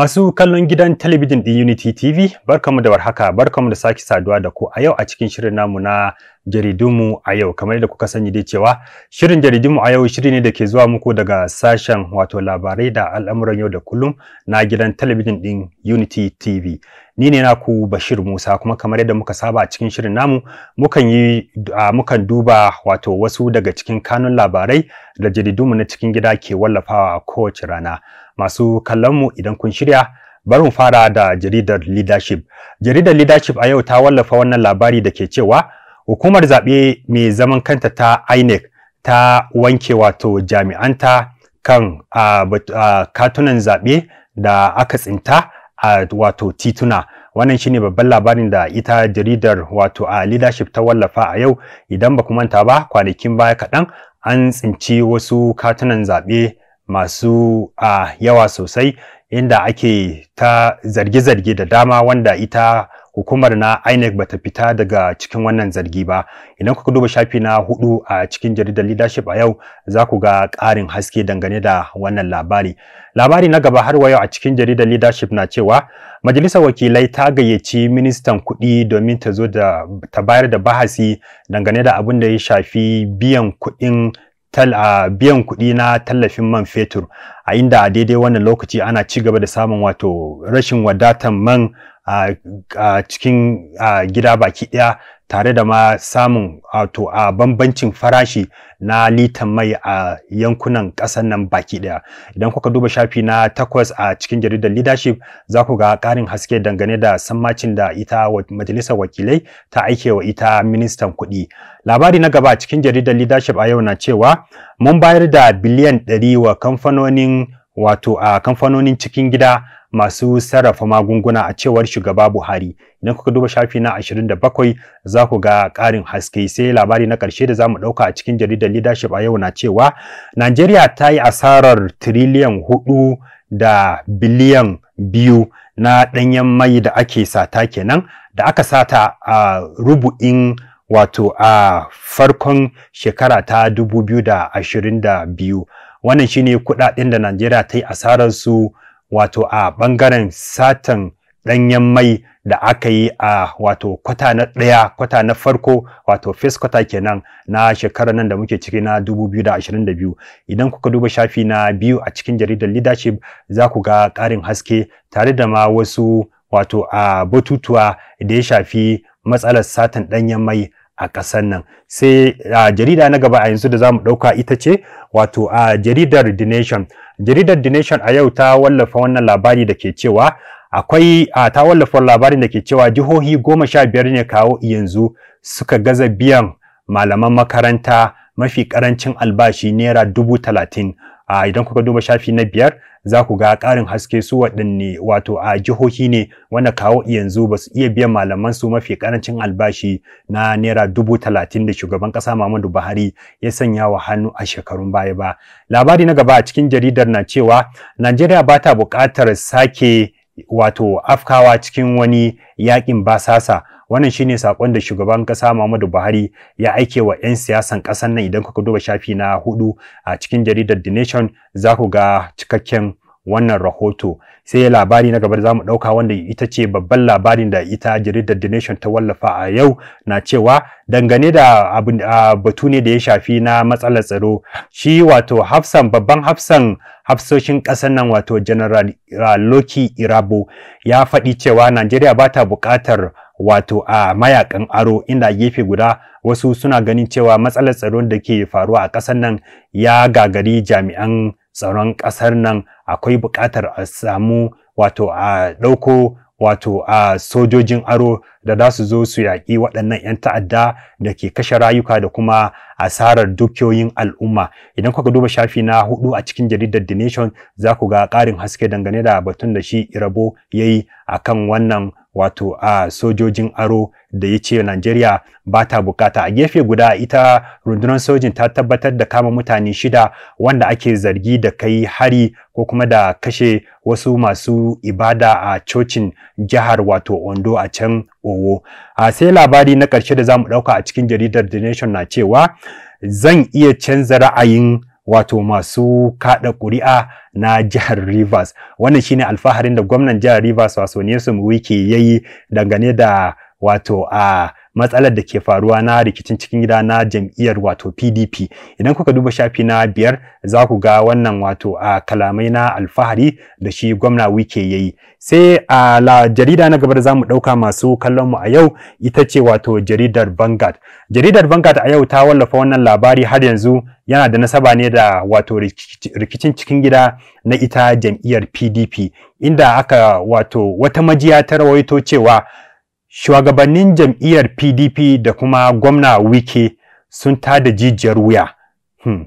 Masu kallon gidan talabijin ɗin Unity TV, barkamu da warhaka, barkamu da saki, saduwa da ku a yau a cikin shirin namu na jaridunmu a yau kamar da kuka sani dai cewa shirin jaridunmu a yau shiri ne da ke zuwa muku daga sashen wato labarai da al'amuran yau da kullum na gidan talabijin din Unity TV ni ne na ku Bashir Musa kuma kamar yadda muka saba a cikin shirin namu mukan yi mukan duba wato wasu daga cikin kanun labarai da jaridunmu na cikin gida ke wallafawa a kowace rana masu kallon mu idan kun shirya bari mu fara da jaridar leadership jaridar leadership a yau ta wallafa wannan labari da ke cewa Hukumar zaɓe mai zaman kanta ta INEC ta wanke wato jami'anta kan a katunan zaɓe da aka tsinta a wato tituna. wannan shine babban labarin da ita jaridar wato a leadership ta wallafa a yau idan ba manta ba kwanakin baya kaɗan an tsinci wasu katunan zaɓe masu a yawa sosai inda ake ta zarge-zarge da dama wanda ita hukumar na INEC bata fita daga cikin wannan zargi ba idan kuka duba shafi na hudu a cikin jaridar leadership a yau za ku ga ƙarin haske dangane da wannan labari labari na gaba har wayo a cikin jaridar leadership na cewa majalisar wakilai ta gayyaci ministan kuɗi domin ta zo da ta bayar da bahasi dangane da abin da ya shafi biyan kuɗin biyan kuɗi na tallafin man fetur a inda a daidai wannan lokaci ana ci gaba da samun wato rashin wadatan man a cikin gida baki ɗaya tare da ma samun wato a bambancin farashi na litan mai a yankunan ƙasar nan baki ɗaya idan kuka duba shafi na takwas a cikin jaridar leadership za ku ga ƙarin haske dangane da sammacin da ita majalisar wakilai ta aike wa ita ministan kuɗi labari na gaba cikin jaridar leadership a yau na cewa mun bayar da biliyan ɗari wa kamfanonin wato a kamfanonin cikin gida masu sarrafa magunguna a cewar shugaba Buhari. Idan kuka duba shafi na 27 za ku ga ƙarin haske sai labari na ƙarshe da za mu ɗauka a cikin jaridar leadership a yau na cewa Najeriya ta yi asarar tiriliyan hudu da biliyan biyu na ɗanyen mai da ake sata kenan da aka sata a rubu'in wato a farkon shekara ta 2022 wannan shine kudaden da Najeriya ta yi asararsu su wato a ɓangaren satan ɗanyen mai da aka yi a wato kwata na ɗaya kwata na farko wato first kwata kenan na shekarar nan da muke ciki na 2022 idan kuka duba shafi na biyu a cikin jaridar leadership za ku ga ƙarin haske tare da ma wasu wato a batutuwa da ya shafi matsalar satan ɗanyen mai a ƙasar nan sai a jarida na gaba a yanzu da za mu ɗauka ita ce wato a jaridar the nation jaridar The Nation a yau ta wallafa wannan labari da ke cewa akwai a ta wallafa labarin da ke cewa jihohi goma sha biyar ne kawo yanzu suka gaza biyan malaman makaranta mafi karancin albashi naira dubu talatin a idan kuka duba shafi na biyar za ku ga ƙarin haske su waɗanne wato a jihohi ne wanda kawo yanzu ba su iya biyan malaman su mafi ƙarancin albashi na naira dubu talatin da shugaban ƙasa Muhammadu Buhari ya sanya wa hannu a shekarun baya ba. Labari na gaba a cikin jaridar na cewa Najeriya ba ta buƙatar sake wato afkawa cikin wani yaƙin basasa wannan shine sakon da shugaban kasa Muhammadu Buhari ya aike wa 'yan siyasan ƙasar nan idan kuka duba shafi na hudu a cikin jaridar The Nation za ku ga cikakken wannan rahoto sai labari na gaba da zamu dauka wanda ita ce babban labarin da ita jaridar The Nation ta wallafa a yau na cewa dangane da abin batu ne da ya shafi na matsalar tsaro shi wato Hafsan babban Hafsan hafsoshin ƙasar nan wato General Loki Irabo ya faɗi cewa Najeriya ba ta buƙatar wato a mayakan aro inda gefe guda wasu suna ganin cewa matsalar tsaron da ke faruwa a ƙasar nan ya gagari jami'an tsaron ƙasar nan akwai buƙatar a samu wato a ɗauko wato a sojojin aro da za su zo su yaƙi waɗannan 'yan ta'adda da ke kashe rayuka da kuma asarar dukiyoyin al'umma idan kuka duba shafi na hudu a cikin jaridar the nation za ku ga ƙarin haske dangane da batun da shi irabo ya yi a wannan wato a sojojin aro da ya ce Najeriya ba ta bukata a gefe guda ita rundunar sojin ta tabbatar da kama mutane shida wanda ake zargi da kai hari ko kuma da kashe wasu masu ibada a cocin jihar wato Ondo a can Owo. A sai labari na ƙarshe da za mu ɗauka a cikin jaridar The Nation na cewa zan iya canza ra'ayin wato masu kada kuri'a na jihar Rivers wannan shine alfaharin da gwamnan jihar Rivers wato Nyesom ya yayi dangane da wato a matsalar da ke faruwa na rikicin cikin gida na jam'iyyar wato PDP idan kuka duba shafi na biyar za ku ga wannan wato a kalamai na alfahari da shi gwamna wike yayi sai a la jarida na gabar da zamu ɗauka masu kallon mu a yau ita ce wato jaridar Vanguard jaridar Vanguard a yau ta wallafa wannan labari har yanzu yana da nasaba ne da wato rikicin cikin gida na ita jam'iyyar PDP inda aka wato wata majiya ta rawaito cewa Shugabannin jam'iyyar PDP da kuma gwamna Wike sun ta da jijiyar wuya. Hmm.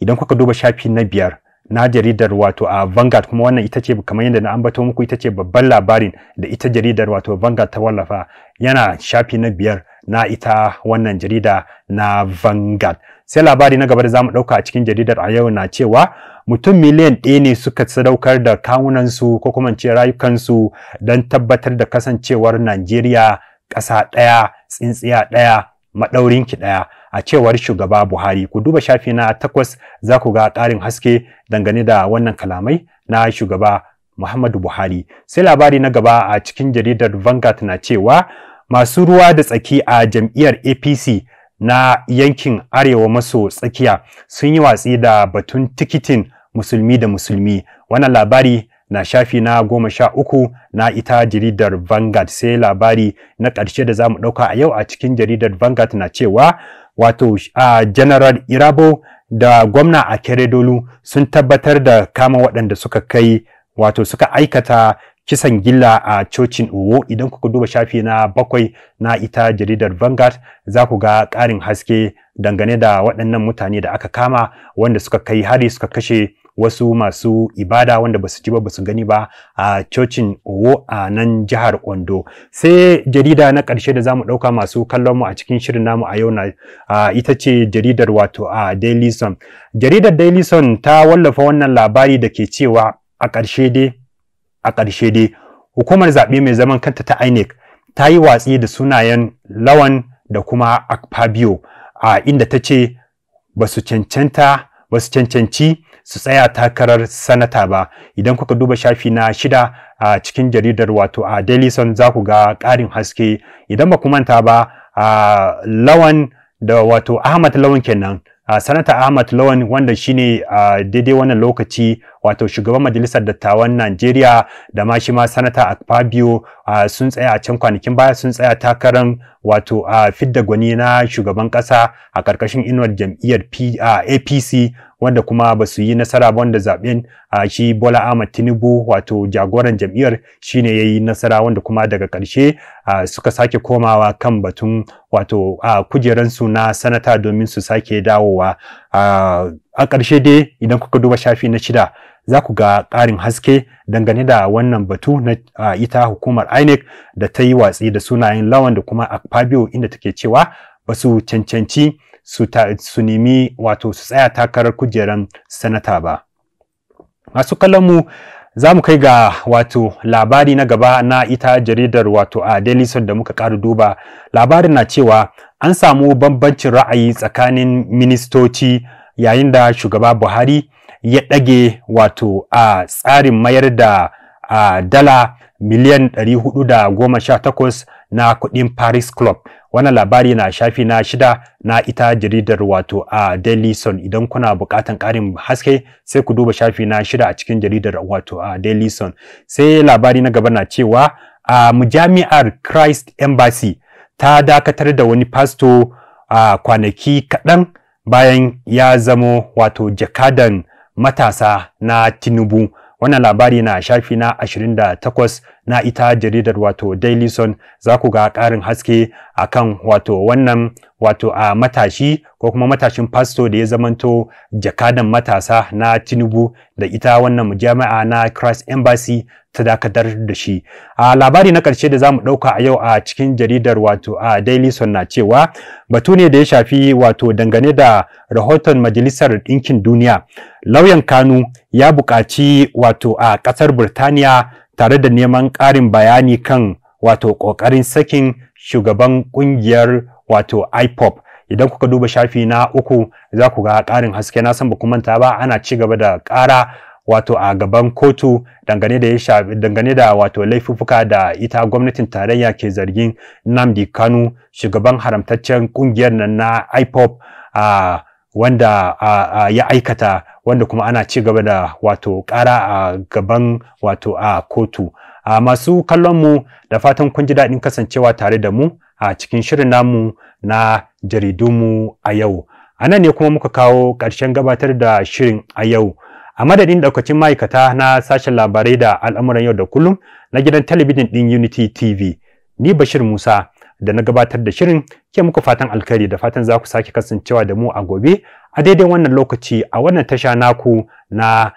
Idan kuka duba shafi na biyar na jaridar wato a Vanguard kuma wannan ita ce kamar yadda na ambato muku ita ce babban labarin da ita jaridar wato Vanguard ta wallafa yana shafi na biyar na ita wannan jarida na Vanguard. Sai labari na gaba da mu ɗauka a cikin jaridar a yau na cewa mutum miliyan ɗaya ne suka sadaukar da kawunansu ko kuma ce rayukansu don tabbatar da kasancewar Najeriya ƙasa ɗaya tsintsiya ɗaya maɗaurinki ɗaya a cewar shugaba Buhari ku duba shafi na takwas za ku ga ƙarin haske dangane da wannan kalamai na shugaba Muhammadu Buhari sai labari na gaba a cikin jaridar Vanguard na cewa masu ruwa da tsaki a jam'iyyar APC na yankin arewa maso tsakiya sun yi watsi da batun tikitin musulmi da musulmi wannan labari na shafi na goma sha uku na ita jaridar Vanguard sai labari na ƙarshe da za mu ɗauka a yau a cikin jaridar Vanguard na cewa wato a General Irabo da gwamna a Keredolu sun tabbatar da kama waɗanda suka kai wato suka aikata kisan gilla a cocin Owo idan kuka duba shafi na bakwai na ita jaridar Vanguard za ku ga ƙarin haske dangane da waɗannan mutane da aka kama wanda suka kai hari suka kashe wasu masu ibada wanda basu ji ba basu gani ba a cocin Owo a nan jihar Ondo sai jarida na ƙarshe da zamu ɗauka masu kallon mu a cikin shirin namu a yau na ita ce jaridar wato a Daily Sun jaridar Daily Sun ta wallafa wannan labari da ke cewa a ƙarshe dai a ƙarshe dai hukumar zaɓe mai zaman kanta ta INEC ta yi watsi da sunayen Lawan da kuma Akpabio a inda ta ce basu cancanta ba cancanci su tsaya takarar sanata ba idan kuka duba shafi na shida a cikin jaridar wato a daily sun za ku ga ƙarin haske idan ba ku manta ba a lawan da wato ahmad lawan kenan a sanata ahmad lawan wanda shine a daidai wannan lokaci wato shugaban majalisar dattawan Najeriya da ma shi ma sanata Akpabio sun tsaya a can kwanakin baya sun tsaya takarar wato a fidda gwani na shugaban kasa a karkashin inuwar jam'iyyar APC wanda kuma ba su yi nasara ba wanda zaben shi Bola Ahmed Tinubu wato jagoran jam'iyyar shine ya yi nasara wanda kuma daga ƙarshe suka sake komawa kan batun wato kujeransu na sanata domin su sake dawowa a ƙarshe dai idan kuka duba shafi na shida za ku ga ƙarin haske dangane da wannan batu na ita hukumar INEC da ta yi watsi da sunayen lawan da kuma Akpabio inda take cewa ba su cancanci su nemi wato su tsaya takarar kujeran sanata ba. Masu mu za mu kai ga wato labari na gaba na ita jaridar wato a Daily Sun da muka ƙara duba. Labarin na cewa an samu bambancin ra'ayi tsakanin ministoci yayin da shugaba Buhari ya ɗage wato a tsarin mayar da dala miliyan 418 na kuɗin Paris Club. Wannan labari na shafi na shida na ita jaridar wato a Daily Sun idan kuna bukatan ƙarin haske sai ku duba shafi na shida a cikin jaridar wato a Daily Sun. Sai labari na gaba na cewa a mujami'ar Christ Embassy ta dakatar da wani pastor a kwanaki kaɗan bayan ya zamo wato jakadan matasa na Tinubu. Wannan labari na shafi na 28 na ita jaridar wato Daily Sun za ku ga ƙarin haske akan wato wannan wato a matashi ko kuma matashin fasto da ya zamanto jakadan matasa na Tinubu da ita wannan jami'a na Christ Embassy ta dakatar da shi. A labari na ƙarshe da za mu ɗauka a yau a cikin jaridar wato a Daily Sun na cewa batu ne da ya shafi wato dangane da rahoton Majalisar Ɗinkin Duniya. Lauyan Kanu ya buƙaci wato a ƙasar Burtaniya tare da neman ƙarin bayani kan wato ƙoƙarin sakin shugaban ƙungiyar wato ipop idan kuka duba shafi na uku za ku ga ƙarin haske na san ba ku manta ba ana ci gaba da ƙara wato a gaban kotu dangane da dangane da wato laifuffuka da ita gwamnatin tarayya ke zargin Nnamdi Kanu shugaban haramtaccen kungiyar nan na IPOP a wanda ya aikata wanda kuma ana ci gaba da wato ƙara a gaban wato a kotu a masu kallon mu da fatan kun ji daɗin kasancewa tare da mu a cikin shirin namu na jaridunmu a yau. A nan ne kuma muka kawo ƙarshen gabatar da shirin a yau. A madadin ɗaukacin ma'aikata na sashen labarai da al'amuran yau da kullum na gidan talabijin ɗin Unity TV, ni Bashir Musa da na gabatar da shirin ke muka fatan alkhairi da fatan za ku sake kasancewa da mu a gobe a daidai wannan lokaci a wannan tasha naku na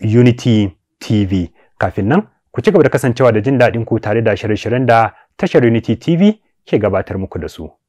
Unity TV. Kafin nan, ku ci gaba da kasancewa da jin daɗin ku tare da shirye-shiryen da tashar Unity TV ke gabatar muku da su.